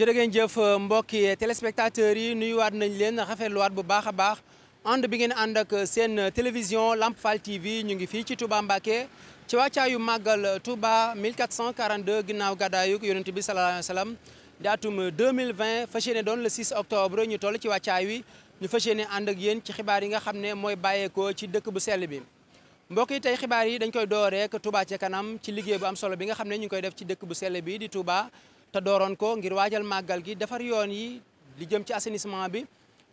jërë ngeen jëf mbokki téléspectateurs yi nuyuwaat nañ leen waat bu baax a baax ànd bi ngeen ànd ak seen télévision Lamp Fall TV ñu ngi fii ci Touba Mbacké ci wàccaayu màggal Touba 1442 ginnaaw gàddaayug yonent bi sallallahu alayhi wa sallam di atum 2020 fas yéene doon le 6 octobre ñu toll ci wàccaay wi ñu fas yéene ànd ak yéen ci xibaar yi nga xam ne mooy bàyyeekoo ci dëkk bu sell bi mbokk yi tey xibaar yi dañ koy door rek Touba ca kanam ci liggéey bu am solo bi nga xam ne ñu ngi koy def ci dëkk bu sell bi di Touba te dooroon ko ngir waajal màggal gi defar yoon yi li jëm ci assainissement bi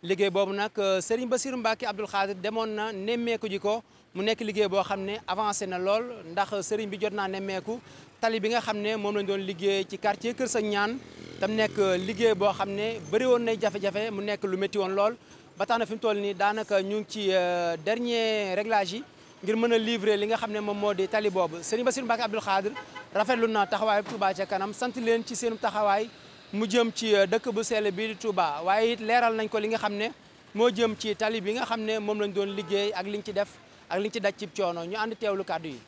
liggéey boobu nag euh, Serigne Bassirou Mbacké Abdoul Khadir demoon na nemmeeku ji ko mu nekk liggéey boo xam ne avancé na lool ndax Serigne bi jot naa nemmeeku tali bi nga xam ne moom lañ doon liggéey ci quartier Kër Sa Ñaan tam nekk euh, liggéey boo xam ne bëri woon nay jafe-jafe mu nekk lu métti woon lool ba tax na fi mu toll nii daanaka ñu ngi ci euh, dernier réglage yi ngir mën a livrer li nga xam ne moo di tali boobu Serigne Bassirou Mbacké Abdoul Khadir rafetlu na taxawaayu Touba ca kanam sant leen ci seen taxawaay mu jëm ci euh, dëkk bu sell bii di Touba waaye it leeral nañ ko li nga xam ne moo jëm ci tali bi nga xam ne moom lañ doon liggéey ak li ñu ci def ak liñ ci daj ci coono ñu ànd teewlu kàddu yi.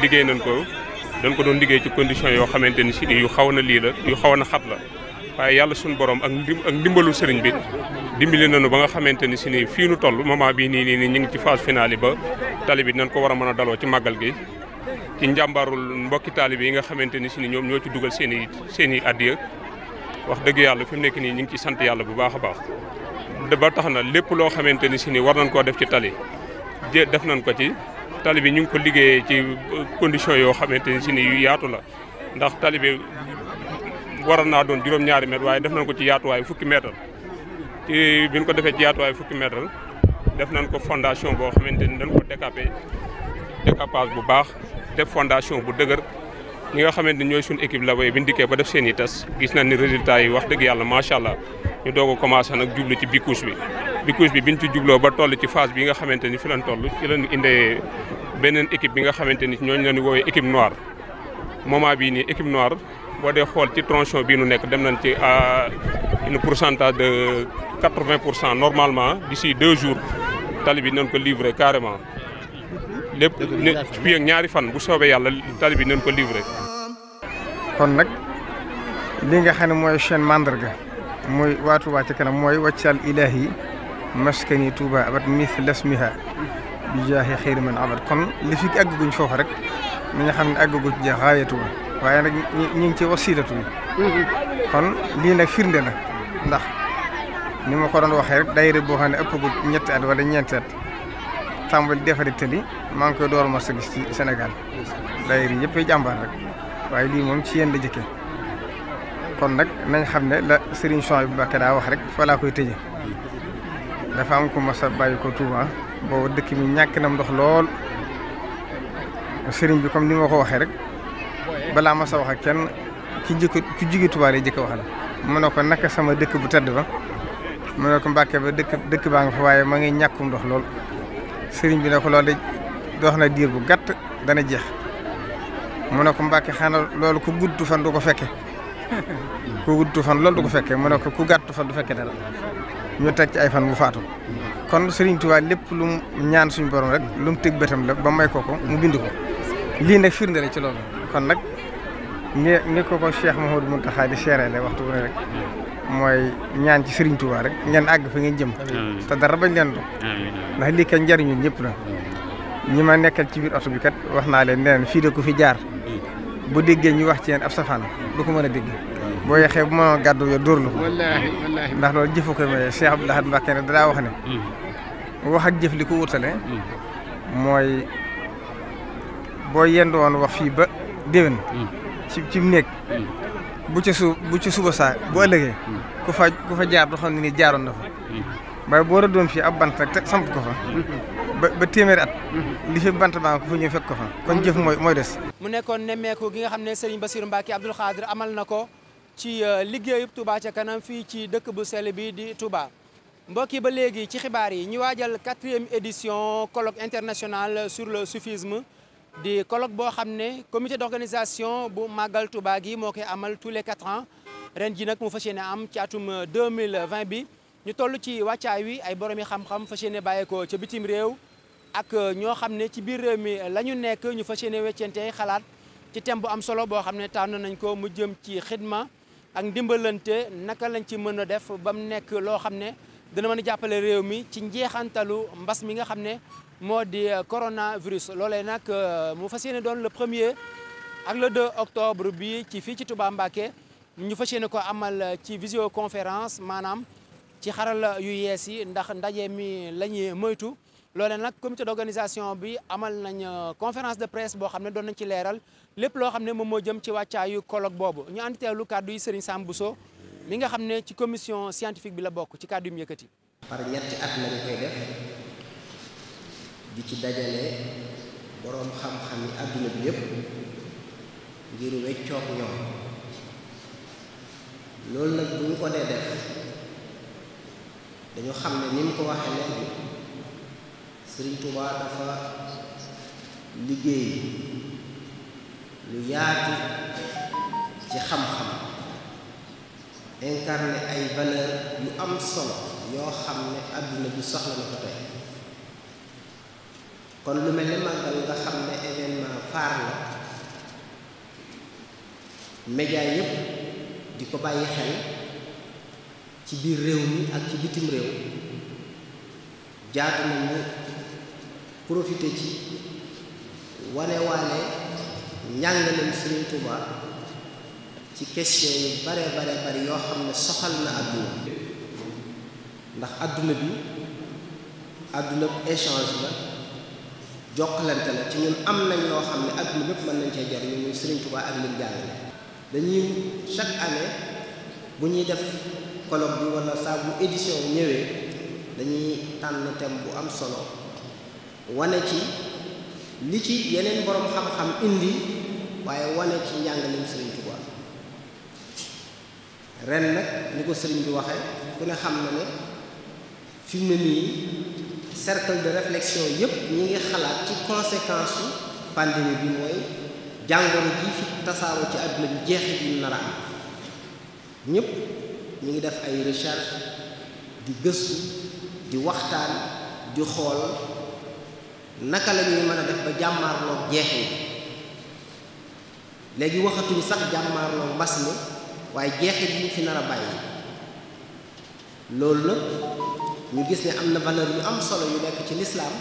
liggéey nañ ko dan ko doon liggéey ci condition yoo xamante ni si yu xaw na lii la yu xaw na xat la waaye yàlla suñu borom ak ak ndimbalu sëriñ bi dimbali nanu ba nga xamante ni si ni fii nu toll moment bii nii nii ñu ngi ci phase finale yi ba tali bi dinañ ko war a mën a daloo ci màggal gi ci njàmbaarul mbokki taalibe yi nga xamante ni si ni ñoom ñoo ci dugal seeni i seen i addiya wax dëgg yàlla fi mu nekk nii ñu ngi ci sant yàlla bu baax a baax ba tax na lépp loo xamante ni si ni war nañ koo def ci tali def nañ ko ci tali bi ñu ngi ko liggéeyee ci euh, condition yoo xamante ni si ni yu yaatu la ndax tali bi waroon naa doon juróom-ñaari mètre waaye def nañ ko ci yaatuwaay fukki mètre ci bi ñu ko defee ci yaatuwaay fukki mètre def nañ ko fondation boo xamante ni dañ ko décapé bu baax def fondation bu dëgër ñi nga xamante ni ñooy suñu équipe la bi ndikkee ba def seen i gis nañ ni résultat yi wax dëgg yàlla macha allah ñu doog a commencé nag jublu ci bicouche bi bicouche bi biñ ci jubloo ba toll ci phase bi nga xamante ni fi lañ toll ci lañ indee beneen équipe bi nga xamante ni ñooñu la ñu woowee équipe noire moment bii nii équipe noire boo dee xool ci tronçon bii nu nekk dem nañ ci à une pourcentage de 80 pour cent normalement d'ici deux jours tali bi nañ ko livré carrément lépp fii ak ñaari fan bu soobee yàlla tali bi nañ ko livré. kon nag lii nga xam ne mooy seen mandarga mooy waa Touba ci kanam mooy wàccal ilaahi maskani Touba abat mis lasmiha bi jaahi xayri man abat kon li fi àgguñ foofu rek mi nga xam ne àgguñ ci xaaya Touba waaye nag ñi ngi ci wasiilatu kon lii nag firnde la ndax ni ma ko doon waxee rek daayira boo xam ne ëpp ñetti at wala ñeenti at. tàmbali defari tëli maa ngi koy door ma sa ay jàmbaar waaye lii moom ci yéen la jëkkee kon nag nañ xam ne la Serigne bu Mbacké daa wax rek koy tëje dafa am ko mas a bàyyi dëkk mi ñàkk na ndox lool Serigne bi comme ni ko waxee rek balaa mas a wax kenn ki jëkk ki jóge Touba lay jëkk wax ne ko naka sama dëkk bu tedd ba mu ne ko Mbacké ba dëkk dëkk baa nga fa waaye ma ngi ñàkkum ndox lool sëriñ bi nag ko loolu de wax na diir bu gàtt dana jeex mu ne ko Mbàkke xanaa loolu ku gudd fan du ko fekke ku gudd fan loolu du ko fekke mu ne ko ku gàtt fan du fekke dara ñu teg ci ay fan mu faatu kon sëriñ Tuubaa lépp lu ñaan suñu borom rek lu mu tëg bëtam la ba may ko ko mu bind ko lii nag firnde la ci loolu kon nag ni ni ko ko Cheikh Mouhamadou Mountakha di seerale waxtu bu ne rek mooy ñaan ci Serigne Touba rek ngeen àgg fa nga jëm. te dara bañ leen doon. ndax lii kat njariñu ñëpp la. ñi ma nekkal ci biir oto bi kat wax naa leen nee fii de ku fi jaar. bu déggee ñu wax ci yéen ab safaan du ko mën a dégg. boo yeexee bu mënoon gàddu yo dóor la ko. ndax loolu jëfu ko may Cheikh Abdou Lahad daa wax ne. Mm. wax ak jëf li ko wutale. Mm. mooy boo yend woon wax fii ba déwén. Mm. ci ci mu bu ca su bu ca suba saa bu ëllëgee hmm. ku fa ku fa jaar du xam ne nii jaaroon na fa hmm. waaye boo doon fii ab bant rek samp ko fa hmm. ba ba téeméeri at li bant baa ko fa ñëw fekk ko fa kon jëf mooy mooy des mu nekkoon nemmeeku gi nga xam ne Serigne Bassirou Mbacké Abdoul Khadr amal na ko ci euh, liggéeyub tubaa ca kanam fii ci dëkk bu sell bi di Touba mbokk yi ba léegi ci xibaar yi ñu waajal quatrième édition colloque international sur le soufisme di kolog boo xam ne comité d'organisation bu màggal Touba gi moo koy amal tous les quatre ans ren ji nag mu fas yéene am ci atum 2020 bi ñu toll ci wàccaay wi ay boromi xam-xam fas yéene bàyyeekoo ca bitim réew ak ñoo xam ne ci biir réew mi la ñu nekk ñu fas yéene weccente xalaat ci thème bu am solo boo xam ne tànn nañ ko mu jëm ci xidma ak ndimbalante naka lañ ci mën a def ba mu nekk loo xam ne dana mën a jàppale réew mi ci njeexantalu mbas mi nga xam ne moo di euh, coronavirus loole nag euh, mu fas yéene doon le premier ak le 2 octobre bi ci fii ci Touba Mbacké ñu fas yéene ko amal ci visioconférence maanaam ci xarala yu yees yi ndax ndaje mi la ñuy moytu loolee nag comité d'organisation bi amal nañ euh, conférence de presse boo xam ne doon nañ ci leeral lép loo xam ne moom moo jëm ci wàccaayu colloque boobu ñu ànd teewlu kàddu yi Serigne Sam mi nga xam ne ci commission scientifique bi la bokk ci kàddu yu di ci dajale boroom xam-xam yi àdduna bi yépp ngir weccoog ñoom loolu nag bu ñu ko dee def dañu xam ne ni mu ko waxee léegi Sëriñ Tuubaa dafa liggéey lu yaatu ci xam-xam incarné ay valeur yu am solo yoo xam ne àdduna bi soxla na ko tey kon lu mel ne màggal nga xam ne événement phare la média yépp di ko bàyyi xel ci biir réew mi ak ci bitim réew jaatu nañ profité ci wanewaale njàngaleem Serigne Touba ci question yu bare bare bare yoo xam ne soxal na àdduna ndax àdduna bi àdduna échange la jokkalante la ci ñun am nañ loo xam ne ak bépp mën nañ cee jariñu ñun Sëriñ Tuubaa ak lim jàngale dañuy chaque année bu ñuy def colloque bi wala saa bu édition ñëwee dañuy tànn thème bu am solo wane ci li ci yeneen boroom xam-xam indi waaye wane ci njàngaleem Sëriñ Tuubaa ren nag ni ko sëriñ bi waxee ku ne xam na ne fi ne nii cercle de réflexion yépp ñi ngi xalaat ci conséquence su bi mooy jàngoro ji fi tasaaroo ci àdduna bi jeexit yi nar am ñépp ñu ngi def ay recherche di gëstu di waxtaan di xool naka la mën a def ba jàmmaarloo jeexee léegi waxatu waxatuñ sax jàmmaarloo mbas mi waaye jeexit yi fi nar a bàyyi loolu nag ñu gis ne am na valeur yu am solo yu nekk ci lislaam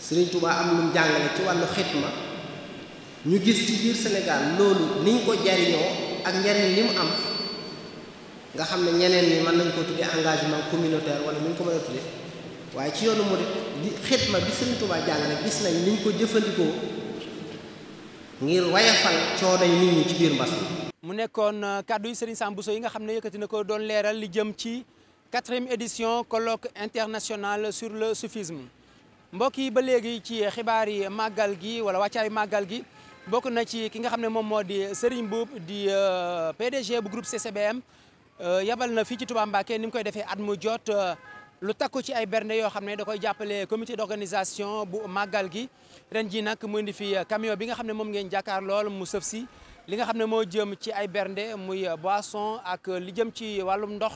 Sëriñ Tuubaa am lu mu jàngale ci wàllu xitma ñu gis ci biir Sénégal loolu niñ ko jariñoo ak njariñ li mu am nga xam ne ñeneen ñi mën nañ koo tuddee engagement communautaire wala ñu ko mën a waaye ci yoonu murid di xitma bi Sëriñ Tuubaa jàngale gis nañ niñ ko jëfandikoo ngir wayafal coono yi nit ñi ci biir mbas mi mu nekkoon euh, kàddu yi Sëriñ Sam yi nga xam ne yëkkati na ko doon leeral li jëm ci quatrième édition colloque international sur le soufisme mbokk yi ba léegi ci xibaar yi màggal gi wala wàccaayu màggal gi bokk na ci ki nga xam ne moom moo di Serigne Mboup di euh, PDG bu groupe CCBM euh, yabal na fii ci tubaam Mbacké ni mu koy defee at mu jot euh, lu takku ci ay bernde yoo xam ne da koy jàppale comité d'organisation bu màggal gi ren ji nag mu indi fi camion bi nga xam ne moom ngeen jàkkaar lool mu sëf si li nga xam ne moo jëm ci ay bernde muy boisson ak li jëm ci wàllum ndox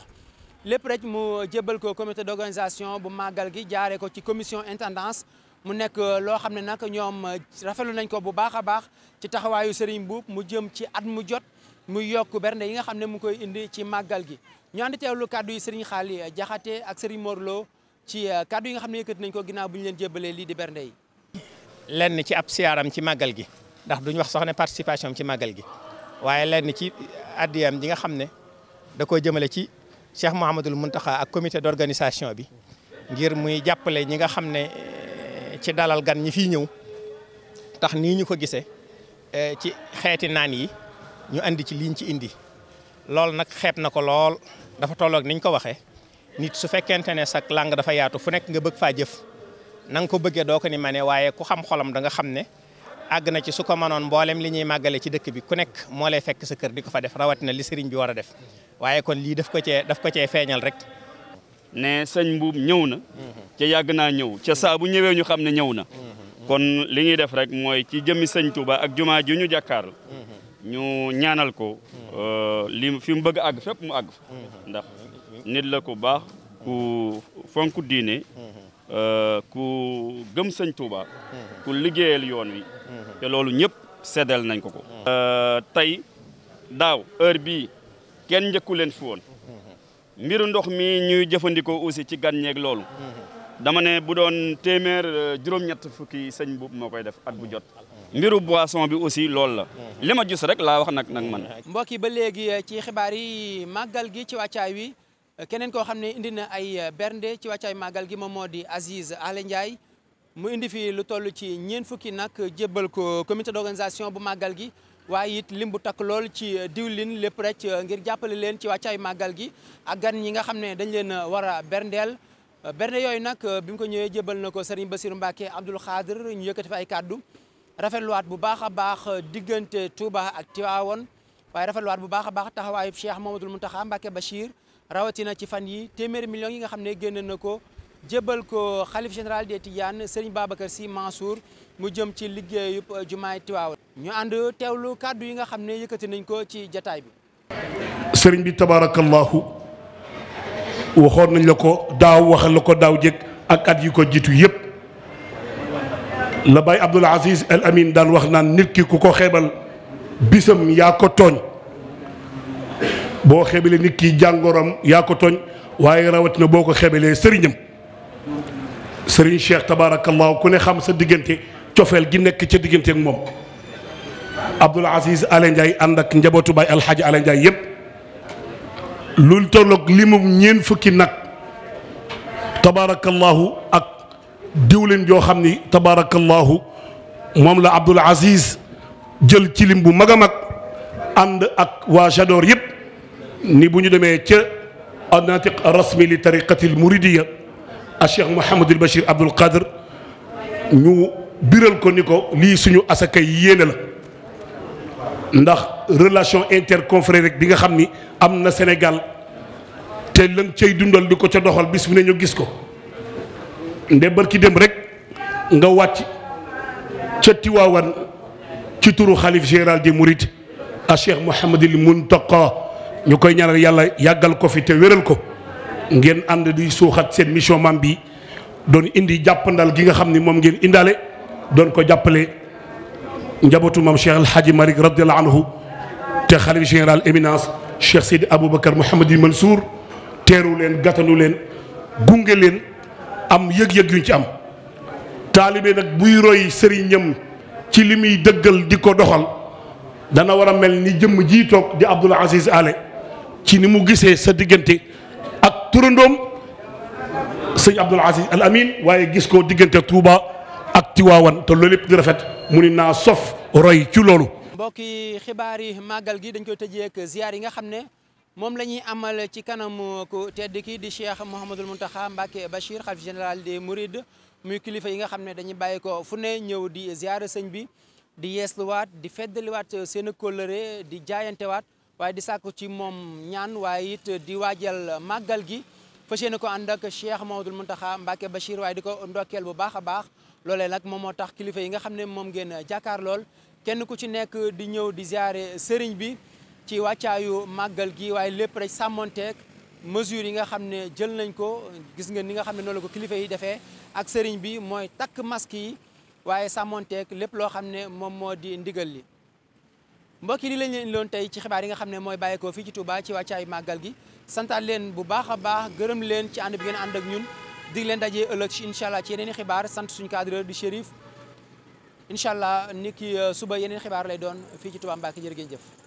lépp rek mu jébbal ko comité d'organisation bu màggal gi jaaree ko ci commission intendance mu nekk loo xam ne nag ñoom rafetlu nañ ko bu baax a baax ci taxawaayu Serigne Mboup mu jëm ci at mu jot mu yokk bernde yi nga xam ne mu koy indi ci màggal gi ñu ànd teewlu kàddu yi Serigne Xaali Jaxate ak Serigne Morlo ci euh, kàddu yi nga xam ne yëkkati nañ ko ginnaaw bu ñu leen jébbalee lii di bernde lenn ci ab siyaaram ci màggal gi ndax duñ wax sax participation ci màggal gi waaye lenn ci addiyam ji nga xam ne da koo jëmale ci. Cheikh mun Mountakha ak comité d'organisation bi ngir muy jàppale ñi nga xam ne eh, ci dalal gan ñi fi ñëw tax nii ñu ko gisee eh, ci xeeti naan yi ñu andi ci liñ ci indi loolu nag xeeb na ko lool dafa tolloog niñ ko waxee nit su fekkente ne sa langue dafa yaatu fu nekk nga bëgg faa jëf na nga ko bëggee doo ko ni mane waaye ku xam xolam da nga xam ne àgg na ci su ko manoon mboolem li ñuy màggale ci dëkk bi ku nekk moo lay fekk sa kër di ko fa def rawatina li sëriñ bi war a def waaye kon lii daf ko cee daf ko cee feeñal rek. ne sëñ Mbuub ñëw na. Mhm. ca yàgg naa ñëw ca saa bu ñëwee ñu xam ne ñëw na. Mhm. Mhm. kon li ñuy def rek mooy ci jëmmi sañ Touba ak jumaa ji ñu jàkkaarloo. ñu ñaanal ko. Euh, li fi mu bëgg àgg fépp mu àgg. ndax nit la ku baax ku fonk diine. Euh, ku gëm sëñ Touba. ku liggéeyal yoon wi. te loolu ñëpp seddal nañ ko ko. Euh, tey daaw heure bii. kenn njëkku leen fi woon mbiru ndox mi ñuy jëfandikoo aussi ci gànñeeg loolu dama ne bu doon téeméer euh, juróom-ñett fukki sëñ bu moo koy def at bu jot mbiru boison bi aussi loolu la li ma gis rek laa wax nag nag man mbokk yi ba léegi euh, ci xibaar yi màggal gi ci wàccaay wi euh, keneen koo xam ne indi na ay bernde ci wàccaay màggal gi moom moo di Aziz Ale Ndiaye mu indi fi lu toll ci ñeen fukki nag jébbal ko comité d'organisation bu màggal gi waaye it lim bu takk lool ci euh, diwlin lépp rek euh, ngir jàppale leen ci wàccaay màggal gi ak gan ñi nga xam ne dañ leen euh, war a berndeel bernde yooyu nag bi mu ko ñëwee jëbal na ko Serigne Bassirou Mbacké Abdoul Khadir ñu yëkkati fa ay kàddu rafetluwaat bu baax a baax diggante Touba ak Tivaouane waaye rafetluwaat bu baax a baax taxawaayu Cheikh mu taxa Mbacké Bachir rawatina ci fan yi téeméeri millions yi nga xam ne génn na ko jébbal ko xalif général des Tidianes sëriñ Babacar Sy Mansour mu jëm ci liggéeyub jumaay Tiwaawan ñu ànd teewlu kàddu yi nga xam ne yëkkati nañ ko ci jataay bi sëriñ bi tabaarakallaahu waxoon nañ la ko daaw waxal la ko daaw jëkk ak at yi ko jiitu yépp la Baye Abdoul Aziz Al Amin daan wax naan nit ki ku ko xeebal bisam yaa ko tooñ boo xeebalee nit ki jàngooram yaa ko tooñ waaye rawatina boo ko xeebalee sëriñam sëriñ Cheikh tabaarakallaahu ku ne xam sa diggante cofeel gi nekk ca diggante ak moom Abdoul Aziz Alé Ndiaye ànd ak njabootu baay alxaaji Alé Ndiaye yépp lu tolloog limu ñeent fukki nag tabaarakallaahu ak diwlin joo xam ni tabaarakallaahu moom la Abdoul Aziz jël ci lim bu mag a mag ànd ak waa Jador yëpp ni bu ñu demee ca anatiq rasmi li tariqati al muridiya a Cheikh Mouhamadul Bachir Abdoul Khadr ñu biral ko ni ko lii suñu asaka yéene la ndax relation interconfrérique bi nga xam ni am na Sénégal te lañ cay dundal di ko ca doxal bis bu ne ñu gis ko nde ki dem rek nga wàcc ca Tiwaawan ci turu xalif général des Mourides a Cheikh Mouhamadul ko ñu koy ñaanal yàlla yàggal ko fi te wéral ko ngeen ànd di suuxat seen mission mam bi doon indi jàppandal gi nga xam ni moom ngeen indaale doon ko jàppale njabootu maam Cheikh El Hadj Malick radiallahu anhu te xalif général éminence Cheikh Sidi Aboubacar Mouhamadou Mansour teeru leen gàttanu leen gunge leen am yëg-yëg yuñ ci am. taalibe nag buy roy sëriñam ci li muy dëggal di ko doxal dana war a mel ni jëmm jii toog di Abdoul Aziz Ale ci ni mu gisee sa diggante. turandoom sëñ Abdoul Aziz Al waaye gis ko diggante Touba ak Tiwaawan te loolu lépp di rafet mu ni naa sof roy ci loolu. mbokki xibaar yi màggal gi dañ ko te ak ziar yi nga xam ne moom la ñuy amal ci kanam ku tedd ki di Cheikh Mouhamadul Mountakha Mbacké Bachir xalif général des Mourides muy kilifa yi nga xam ne dañuy bàyyi ko fu ne ñëw di ziar sëñ bi di yeesluwaat di feddaliwaat seen kóllëre di jaayantewaat. waaye di sàkku ci moom ñaan waaye it di waajal màggal gi fa yéene ko ànd ak Cheikh Mamadou Mountakha Mbacké Bachir waaye di ko ndokkeel bu baax a baax loolee nag moom moo tax kilifa yi nga xam ne moom ngeen jàkkaar lool kenn ku ci nekk di ñëw di ziare sëriñ bi ci wàccaayu màggal gi waaye lépp rek sàmmonteeg mesures yi nga xam ne jël nañ ko gis ngeen ni nga xam ne noonu ko kilifa yi defee ak sëriñ bi mooy takk masque yi waaye sàmmonteeg lépp loo xam ne moom moo di ndigal li mbokk yi lañ leen loon tey ci xibaar yi nga xam ne mooy bàyyeekoo fii ci Touba ci wàccaayu màggal gi santaat leen bu baax a baax gërëm leen ci ànd bi ngeen ànd ak ñun dig leen dajee ëllëg ci allah ci yeneen i xibaar sant suñu cadreur di Chérif incha allah ni ki euh, suba yeneen xibaar lay doon fii ci Touba Mbacke jërë ngeen jëf